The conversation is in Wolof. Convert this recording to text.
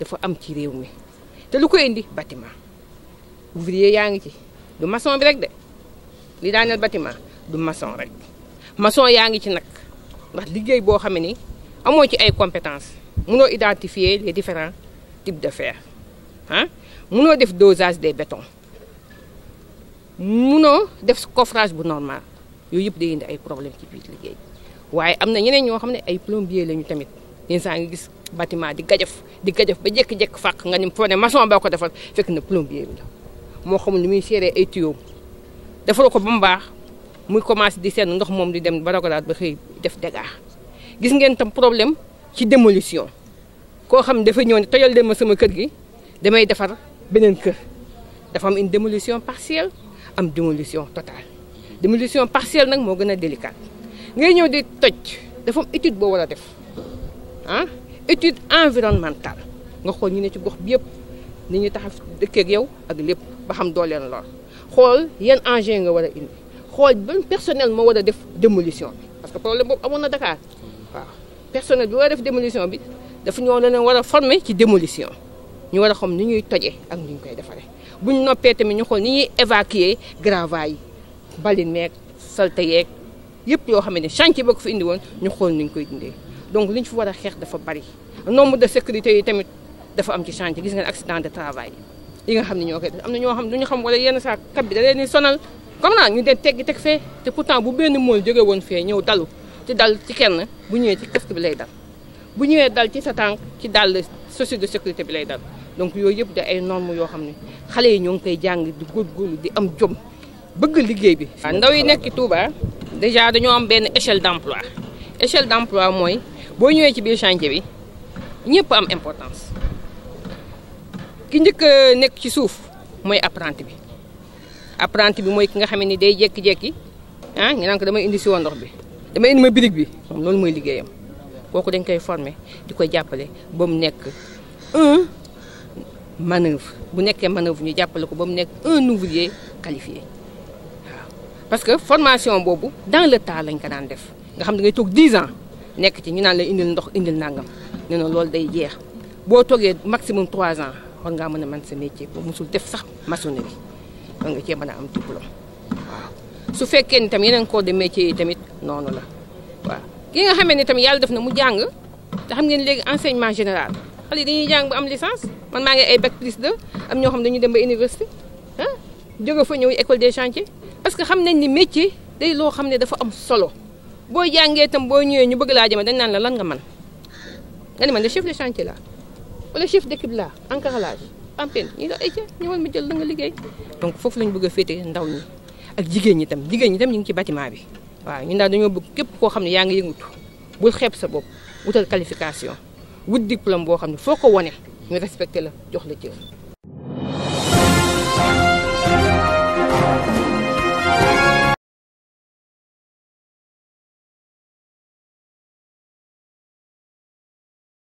dafa am ci réew mi te lu ko indi batiment ouvrier yaa ngi ci du maçon bi rek de li daaneel bâtiment du maçon rek maçon yaa ngi ci nag ndax liggéey boo xam ni amoo ci ay compétences munoo identifier les différent types de fer ah munoo def dosage des bétons munoo def coffrage bu normal yooyu yëpp day indi ay problème ci biir liggéey waaye am na ñeneen ñoo xam ne ay plombier lañu tamit yenn saa ngi gis. bâtiment di gajëf di gajëf ba jékki-jékki fàq nga ni foo ne maçon boo ko defal fekk na plombier bi la moo xamul ni muy seeree ay tuyaux defaloo ko ba mu baax muy commencé di seen ndox moom di dem ba rogalaat ba xëy def dégâts gis ngeen tam problème ci démolition koo xam dafa ñëw ne tojal leen ma sama kër gi damay defar beneen dafa am une démolition partielle am démolition totale démolition partielle nag moo gën a délicate ngay ñëw di toj dafa am étude boo war a def ah? étude environnementale nga xool ñu ne ci gox bi yëpp ni ñu tax a dëkkeek yow ak lépp ba xam doo leen lor xool yan engin nga war a indi xool ban personnel moo war a def démolition bi parce que problème boobu amoon na Dakar waaw personnel bi war a def démolition bi dafa ñoo leen war a former ci démolition ñu war a xam ni ñuy tojee ak ni ñu koy defaree bu ñu noppee tamit ñu xool ni ñuy évacuer gravats yi balin meeg salte yeeg yëpp yoo xam ne chantier ba ko fi indi woon ñu xool ni ñu koy dindee donc li ñu fi war a xeex dafa bari nombre de sécurité yi tamit dafa am ci change gis ngeen accident de travail yi nga xam ne ñoo koy def am na ñoo xam ne du xam wala yenn saa kab bi da leen sonal comme naa ñu den teggi teg fee te pourtant bu benn mool jóge woon fee ñëw dalu ci dal ci kenn bu ñëwee ci casque bi lay dal bu ñëwee dal ci sa tànk ci dal société de sécurité bi lay dal donc yooyu yëpp da ay normes yoo xam ne xale yi ñoo ngi koy jàng di góorgóorlu di am jom bëgg liggéey bi. ndaw yi nekk Touba déjà dañoo am benn échelle d'emploi échelle d'emploi mooy. boo ñëwee ci biir chantier bi ñëpp am importance ki njëkk nekk ci suuf mooy apprenti bi apprenti bi mooy ki nga xame ni day jékki-jékki ah ñu naan ko damay indi si woon ndox bi damay indi ma birig bi moom loolu mooy liggéeyam kooku dañ koy former di koy jàppale ba mu nekk un manœuvre bu nekkee manœuvre ñu jàppale ko ba mu nekk un ouvrier qualifié parce que formation boobu dans le tas lañ ko daan def nga xam da ngay toog 10 ans. nekk ci ñu naan la indil ndox indil nangam nee na loolu day jeex boo toogee maximum trois ans war ngaa mën a mën sa métier boo musul def sax maçonnerie war nga cee mën a am diplôme su fekkee ni tam yeneen corps de métier yi tamit noonu la waaw ki nga xamee ni tam yàlla def na mu jàng te xam ngeen léegi enseignement général xale dañuy jàng am licence man maa ngi ay bac plus am ñoo xam dañuy dem ba université ah jóge fa ñëw école des chantiers parce que xam nañ ni métier day loo xam ne dafa am solo boo jàngee itam boo ñëwee ñu bëgg laa jëmee dañ naan la lan nga man nga ne man de chef de chantier la wala chef d'équipe la encarrelage ampén ñi la ay ca ñëwal la nga liggéey donc foofu lañu bëgg a ndaw ñi ak jigéen ñi jigéen ñi tam ñu ngi ci bâtiment bi waaw ñun daal dañoo bëgg képp koo xam ne yaa ngi yëngutu bul xeeb sa bopp wutal qualification wut diplôme boo xam ne foo ko wone ñu respecté la jox la cër